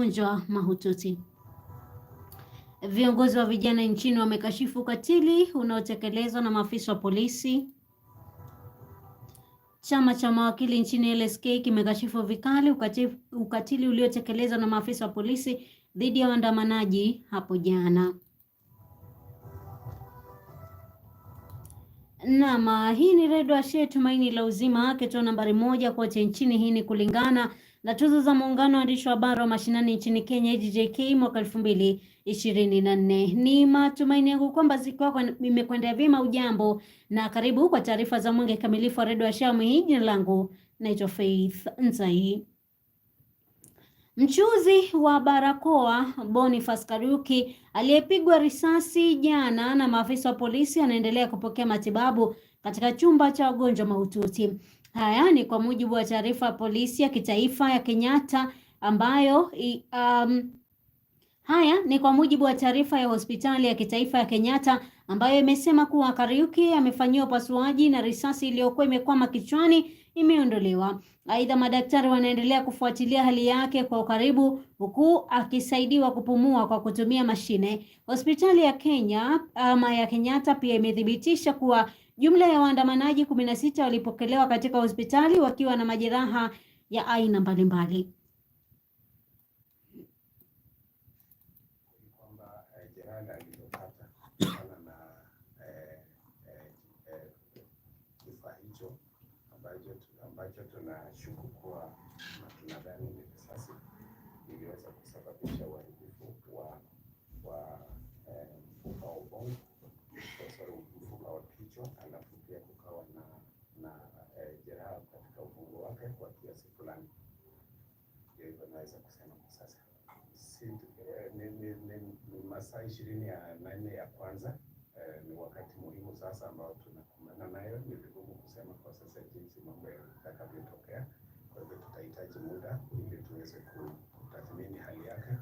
wagonjwa mahututi. Viongozi wa vijana nchini wamekashifu ukatili unaotekelezwa na maafisa wa polisi. Chama cha mawakili nchini LSK kimekashifu vikali ukatili, ukatili uliotekelezwa na maafisa wa polisi dhidi ya waandamanaji hapo jana. Naam, hii ni redio Tumaini la Uzima, kituo nambari moja kote nchini. Hii ni kulingana na tuzo za muungano wa waandishi wa habari wa mashinani nchini Kenya JJK mwaka 2024. Ni matumaini yangu kwamba siku yako imekwendea vyema. Ujambo na karibu kwa taarifa za mwenge kamilifu wa redio ya Shamu hii. Jina langu naitwa Faith Nzai. Mchuzi wa barakoa Boniface Kariuki aliyepigwa risasi jana na maafisa wa polisi anaendelea kupokea matibabu katika chumba cha wagonjwa mahututi. Haya ni kwa mujibu wa taarifa ya polisi ya kitaifa ya Kenyatta ambayo um, haya ni kwa mujibu wa taarifa ya hospitali ya kitaifa ya Kenyatta ambayo imesema kuwa Kariuki amefanyiwa upasuaji na risasi iliyokuwa imekwama kichwani imeondolewa. Aidha, madaktari wanaendelea kufuatilia hali yake kwa ukaribu huku akisaidiwa kupumua kwa kutumia mashine. Hospitali ya Kenya ama ya Kenyatta pia imethibitisha kuwa Jumla ya waandamanaji kumi na sita walipokelewa katika hospitali wakiwa na majeraha ya aina mbalimbali. Eh, eh, eh, ambacho tunashuku kuwa tunadhani ni risasi iliweza kusababisha uharibifu wa wa fulani, ndio hivyo naweza kusema kwa sasa. Eh, ni, ni, ni, ni masaa ishirini ya nane ya kwanza eh, ni wakati muhimu sasa ambao tunakumbana nayo. Ni vigumu kusema kwa sasa jinsi mambo yatakavyotokea, kwa hivyo tutahitaji muda ili tuweze kutathmini hali yake,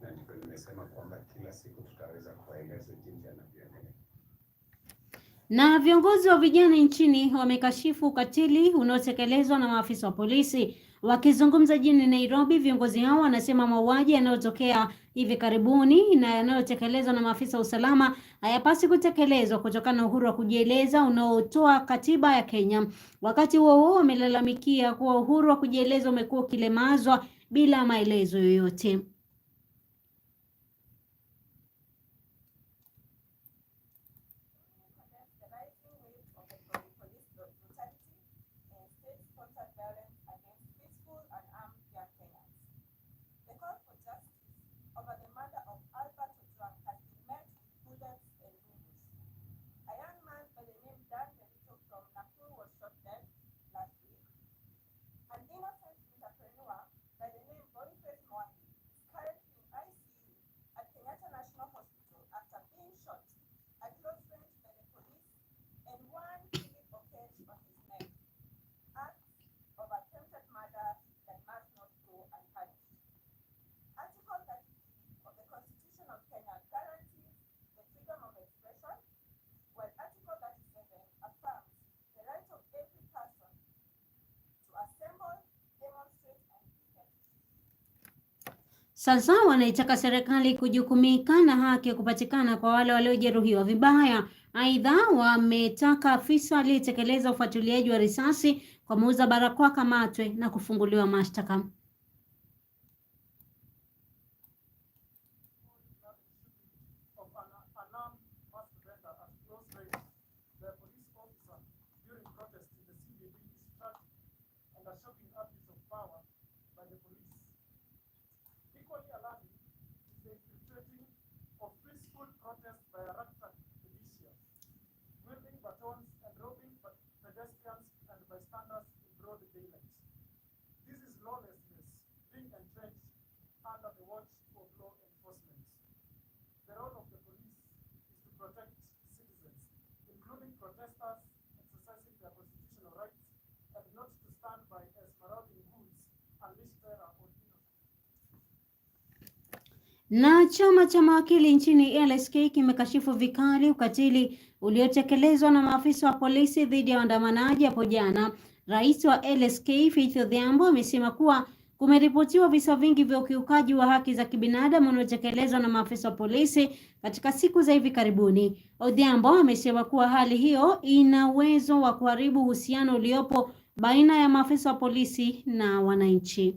na ndivyo nimesema kwamba kila siku tutaweza kuwaeleza jinsi anavyoendelea. Na viongozi wa vijana nchini wamekashifu ukatili unaotekelezwa na maafisa wa polisi Wakizungumza jijini Nairobi, viongozi hao wanasema mauaji yanayotokea hivi karibuni na yanayotekelezwa na maafisa wa usalama hayapasi kutekelezwa kutokana na uhuru wa kujieleza unaotoa katiba ya Kenya. Wakati huo huo, wamelalamikia kuwa uhuru wa kujieleza umekuwa ukilemazwa bila maelezo yoyote. Sasa wanaitaka serikali kujukumika na haki ya kupatikana kwa wale waliojeruhiwa vibaya. Aidha, wametaka afisa aliyetekeleza ufuatiliaji wa risasi kwa muuza barakoa kamatwe na kufunguliwa mashtaka. lawlessness being entrenched under the watch of law enforcement. The role of the police is to protect citizens, including protesters exercising their constitutional rights, and not to stand by as marauding terror on na chama cha mawakili nchini LSK kimekashifu vikali ukatili uliotekelezwa na maafisa wa polisi dhidi ya waandamanaji hapo jana Rais wa LSK Faith Odhiambo amesema kuwa kumeripotiwa visa vingi vya ukiukaji wa haki za kibinadamu unaotekelezwa na maafisa wa polisi katika siku za hivi karibuni. Odhiambo amesema kuwa hali hiyo ina uwezo wa kuharibu uhusiano uliopo baina ya maafisa wa polisi na wananchi.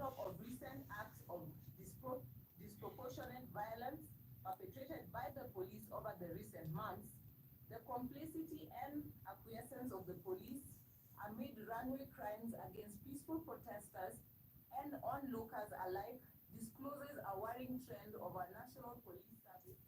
backdrop of recent acts of dispro disproportionate violence perpetrated by the police over the recent months, the complicity and acquiescence of the police amid runway crimes against peaceful protesters and onlookers alike discloses a worrying trend of our national police service.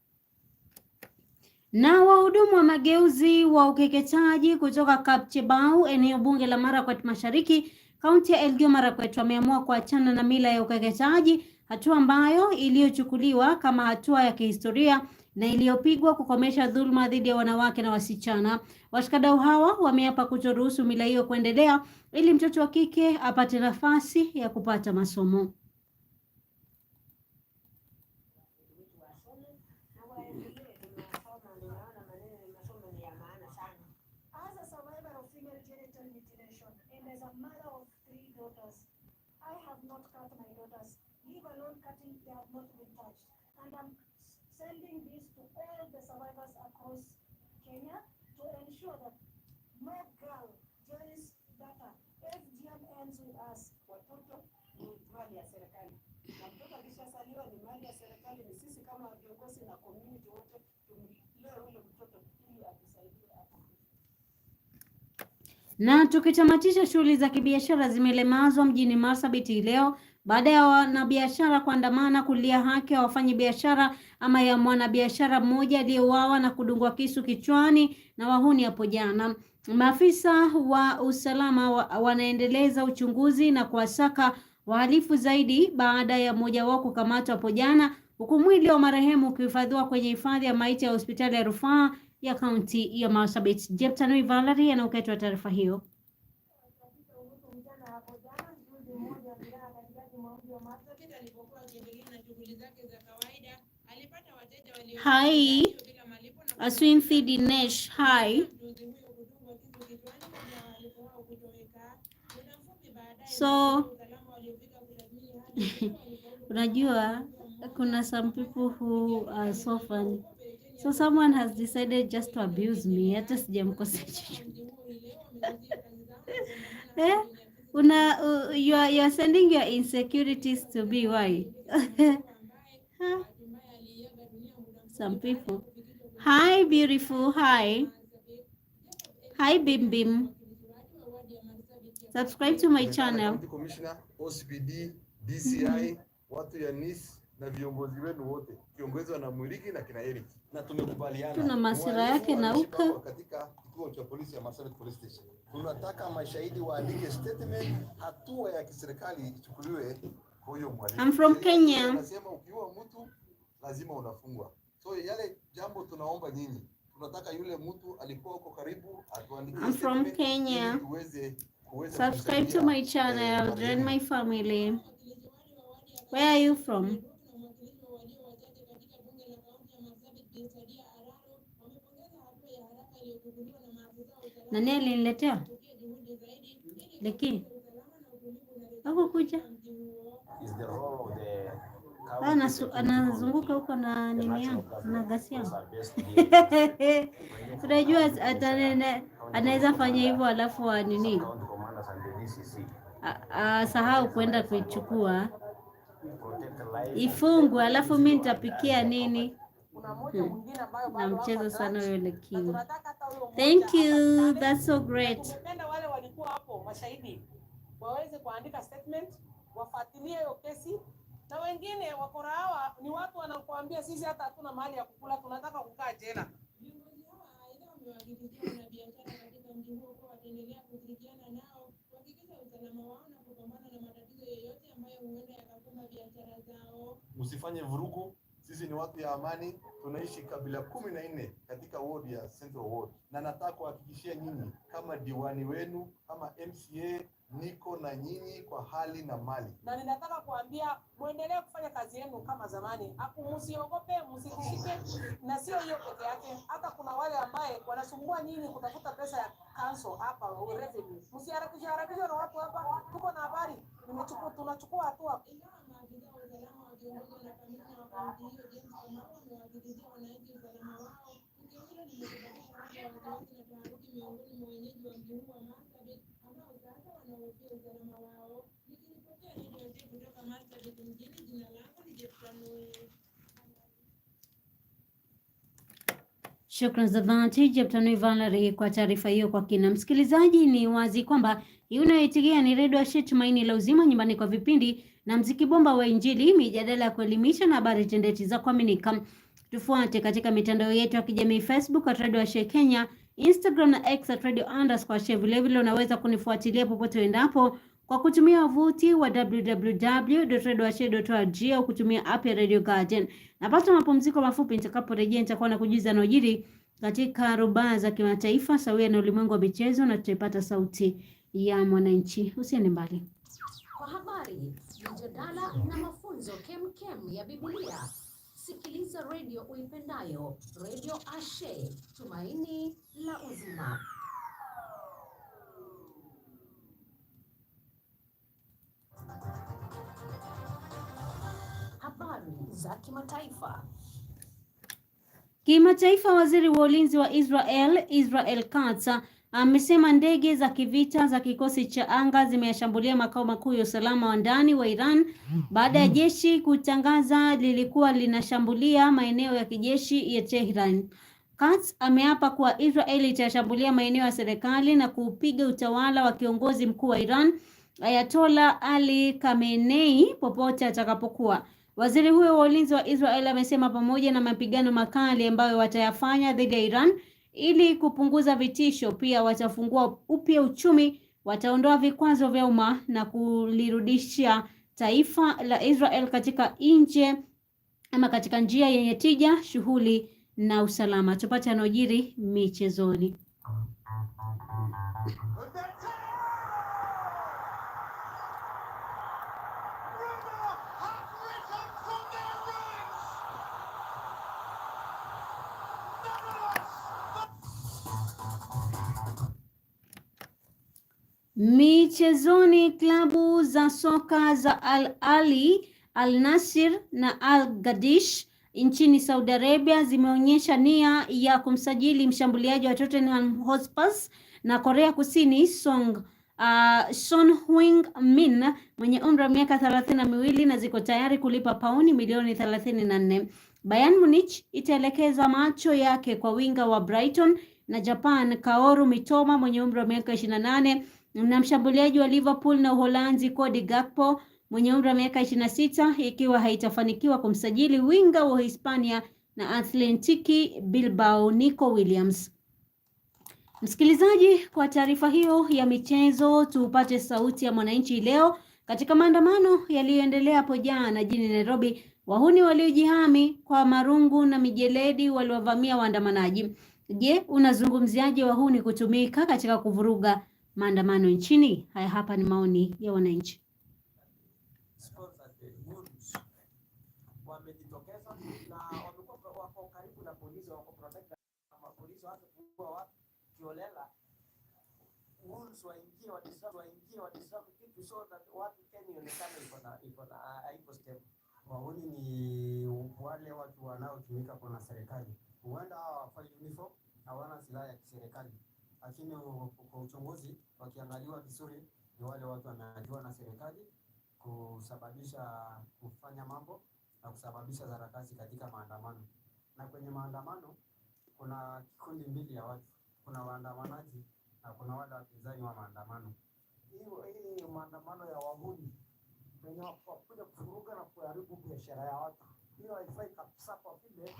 Na wahudumu wa mageuzi wa ukeketaji kutoka Kapchebau, eneo bunge la Marakwet Mashariki Kaunti ya Elgeyo Marakwet wameamua kuachana na mila ya ukeketaji, hatua ambayo iliyochukuliwa kama hatua ya kihistoria na iliyopigwa kukomesha dhuluma dhidi ya wanawake na wasichana. Washikadau hawa wameapa kutoruhusu mila hiyo kuendelea ili mtoto wa kike apate nafasi ya kupata masomo. they have not been touched. And I'm sending this to all the survivors across Kenya to ensure that no girl joins data. FGM ends with us. Watoto ni mali ya serikali, na mtoto akishasaliwa ni mali ya serikali. Ni sisi kama viongozi na community wote tumlee ule mtoto ili atusaidie na tukitamatisha, shughuli za kibiashara zimelemazwa mjini Marsabit leo baada ya wanabiashara kuandamana kulia haki ya biashara ama ya mwanabiashara mmoja aliyeuawa na kudungwa kisu kichwani na wahuni hapo jana. Maafisa wa usalama wa, wanaendeleza uchunguzi na kuwasaka wahalifu zaidi baada ya mmoja wao kukamatwa hapo jana, huku mwili wa marehemu ukihifadhiwa kwenye hifadhi ya maiti ya hospitali ya rufaa ya kaunti ya Marsabit. Jeptanui Valerie anaoketwa taarifa hiyo. Mahatma Gandhi Hi. Dinesh, hi. So unajua kuna some people who are so funny. So someone has decided just to abuse me. Hata sijamkosea chochote. Eh? una uh, you are, you are sending your insecurities to be why huh? some people hi beautiful hi hi bim bim subscribe to my channel commissioner OCPD DCI mm-hmm. watu ya NIS na viongozi wenu wote kiongozi na Mwiliki na kina Eric na tumekubaliana tuna masira yake na uka katika kituo cha polisi ya Marsabit police station tunataka mashahidi waandike statement, hatua ya kiserikali ichukuliwe kwa huyo mwalimu. I'm from Kenya. Anasema ukiua mtu lazima unafungwa. So yale jambo tunaomba nyinyi, tunataka yule mtu alikuwa uko karibu atuandike I'm from Kenya. Tuweze Subscribe to my channel, join my family. Where are you from? Nani aliniletea Leki. huko kuja anazunguka huko na nini yangu na gasi yangu. Unajua anaweza fanya hivyo alafu wa nini asahau kwenda kuichukua ifungwe, alafu mi nitapikia nini? Hmm. na mchezo sana huyo ni king. Thank you. That's so great. Wale walikuwa hapo mashahidi waweze kuandika statement, wafuatilie hiyo kesi na wengine wakora hawa ni watu wanakuambia sisi hata hatuna mahali ya kukula, tunataka kukaa jela. Usifanye vurugu sisi ni watu ya amani, tunaishi kabila kumi na nne katika ward ya Central Ward, na nataka kuhakikishia nyinyi kama diwani wenu kama MCA niko na nyinyi kwa hali na mali, na ninataka kuambia mwendelee kufanya kazi yenu kama zamani, musiogope, msitishike. Na sio hiyo peke yake, hata kuna wale ambaye wanasumbua nyinyi kutafuta pesa ya council hapa revenue. Msiharakishe harakishe na watu hapa, tuko na habari, tunachukua hatua Shukran za dhati Jeptanui Valerie kwa taarifa hiyo kwa kina. Msikilizaji, ni wazi kwamba hii unayoitigia ni redio Tumaini la Uzima, nyumbani kwa vipindi na mziki bomba wa Injili, mijadala ya kuelimisha na habari tendeti za kuaminika. Tufuate katika mitandao yetu ya kijamii Facebook at Radio Ashe Kenya, Instagram na X at Radio underscore Ashe. Vilevile unaweza kunifuatilia popote uendapo kwa kutumia wavuti wa www.radioashe.org au kutumia app ya Radio Garden. Napata mapumziko mafupi, nitakaporejea nitakuwa na kujuza nojiri katika rubaa za kimataifa sawia na ulimwengu wa michezo, na tutaipata sauti ya mwananchi. Usiende mbali kwa habari mjadala na mafunzo kemkem ya Biblia. Sikiliza redio uipendayo, Redio Ashe, tumaini la uzima. Habari za kimataifa. Kimataifa, waziri wa ulinzi wa Israel Israel Katz amesema ndege za kivita za kikosi cha anga zimeyashambulia makao makuu ya usalama wa ndani wa Iran baada ya jeshi kutangaza lilikuwa linashambulia maeneo ya kijeshi ya Tehran. Katz ameapa kuwa Israeli itayashambulia maeneo ya serikali na kuupiga utawala wa kiongozi mkuu wa Iran Ayatola Ali Khamenei popote atakapokuwa. Waziri huyo wa ulinzi wa israel amesema pamoja na mapigano makali ambayo watayafanya dhidi ya Iran ili kupunguza vitisho. Pia watafungua upya uchumi, wataondoa vikwazo vya umma na kulirudisha taifa la Israel katika nje ama katika njia yenye tija, shughuli na usalama. Tupate anaojiri michezoni. Michezoni, klabu za soka za Al Ahly, Al Nassr na Al Gadish nchini Saudi Arabia zimeonyesha nia ya kumsajili mshambuliaji wa Tottenham Hotspur na Korea Kusini Song uh, Son Hwing min mwenye umri wa miaka thelathini na miwili na ziko tayari kulipa pauni milioni thelathini na nne. Bayern Munich itaelekeza macho yake kwa winga wa Brighton na Japan Kaoru Mitoma mwenye umri wa miaka ishirini na nane na mshambuliaji wa Liverpool na Uholanzi Cody Gakpo mwenye umri wa miaka 26 ikiwa haitafanikiwa kumsajili winga wa Hispania na Athletiki Bilbao Nico Williams. Msikilizaji, kwa taarifa hiyo ya michezo, tupate sauti ya mwananchi leo. Katika maandamano yaliyoendelea hapo jana jijini Nairobi, wahuni waliojihami kwa marungu na mijeledi waliwavamia waandamanaji. Je, unazungumziaje wahuni kutumika katika kuvuruga maandamano nchini? Haya hapa ni maoni ya wananchi. Wauni ni wale watu wanaotumika kwa serikali, huenda hawana silaha ya kiserikali lakini kwa uchunguzi wakiangaliwa vizuri, ni wale watu wameajiriwa na serikali kusababisha kufanya mambo na kusababisha sarakasi katika maandamano. Na kwenye maandamano kuna kikundi mbili ya watu, kuna waandamanaji na kuna wale wapinzani wa maandamano. Hii maandamano ya wahuni wenye wakuja kufuruga na kuharibu biashara ya watu, hiyo haifai kabisa, kwa vile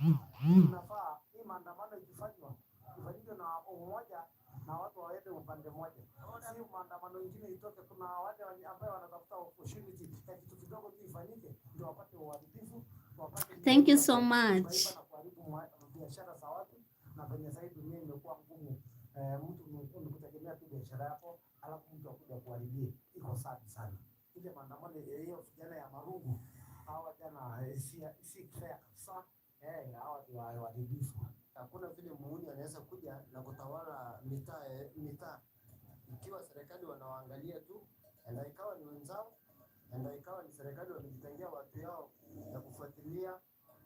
inafaa hii maandamano ikifanywa ifanyike na umoja na watu waende upande mmoja, si maandamano ingine itoke. Kuna wale ambao wanatafuta opportunity ya kitu kidogo tu ifanyike ndio wapate uharibifu, wapate. Thank you so much. Biashara za watu na kwenye sasa hivi dunia imekuwa ngumu, eh, mtu kutegemea tu biashara yako, alafu mtu akuja kuharibia, iko sana sana. Ile maandamano hiyo vijana ya marungu hawa jana, eh, si si fair kabisa, eh hawa ni waharibifu hakuna vile muuni anaweza kuja na kutawala mitaa mitaa ikiwa serikali wanawaangalia tu, enda ikawa ni wenzao, enda ikawa ni serikali wamejitengia watu yao na kufuatilia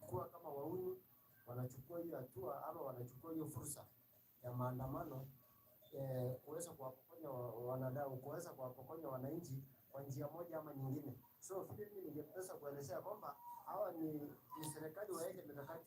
kuwa kama wauni wanachukua hiyo hatua ama wanachukua hiyo fursa ya maandamano eh, kuweza kuwapokonya wanadau, kuweza kuwapokonya wananchi kwa njia moja ama nyingine. So vile mimi ningependa kuelezea kwamba hawa ni, ni serikali waende mikakati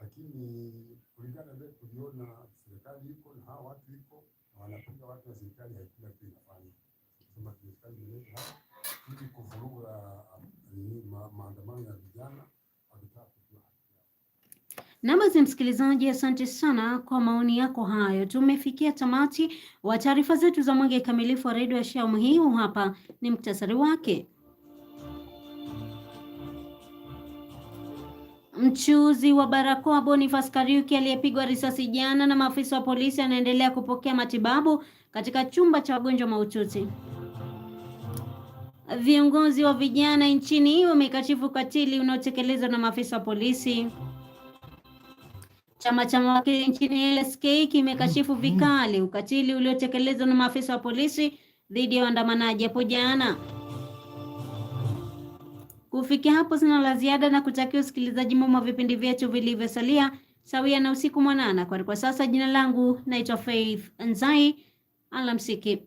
lakini kulingana na tuliona serikali iko na hawa watu iko na wanapiga watu wa serikali haikuna kitu inafanya sema serikali inaleta hapa ili kuvuruga maandamano ya vijana wakitaka kujua nam msikilizaji, asante sana kwa maoni yako hayo. Tumefikia tamati wa taarifa zetu za mwenge kamilifu wa redio ya Shamu. Hii hapa ni mktasari wake. Mchuuzi wa barakoa Boniface Kariuki aliyepigwa risasi jana na maafisa wa polisi anaendelea kupokea matibabu katika chumba cha wagonjwa mahututi. Viongozi wa vijana nchini wamekashifu ukatili unaotekelezwa na maafisa wa polisi. Chama cha mawakili nchini LSK kimekashifu vikali ukatili uliotekelezwa na maafisa wa polisi dhidi ya waandamanaji hapo jana. Kufikia hapo sina la ziada na kutakia usikilizaji mwema wa vipindi vyetu vilivyosalia sawia na usiku mwanana, kwani kwa sasa jina langu naitwa Faith Nzai. Alamsiki.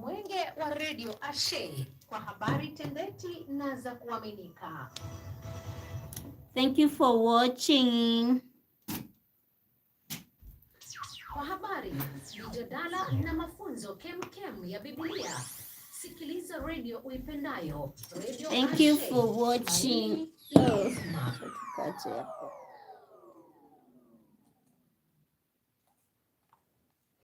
Mwenge wa Radio Ashe kwa habari tendeti na za kuaminika. Thank you for watching. mijadala na mafunzo kemkem ya Biblia. Sikiliza redio uipendayo. Thank you for watching.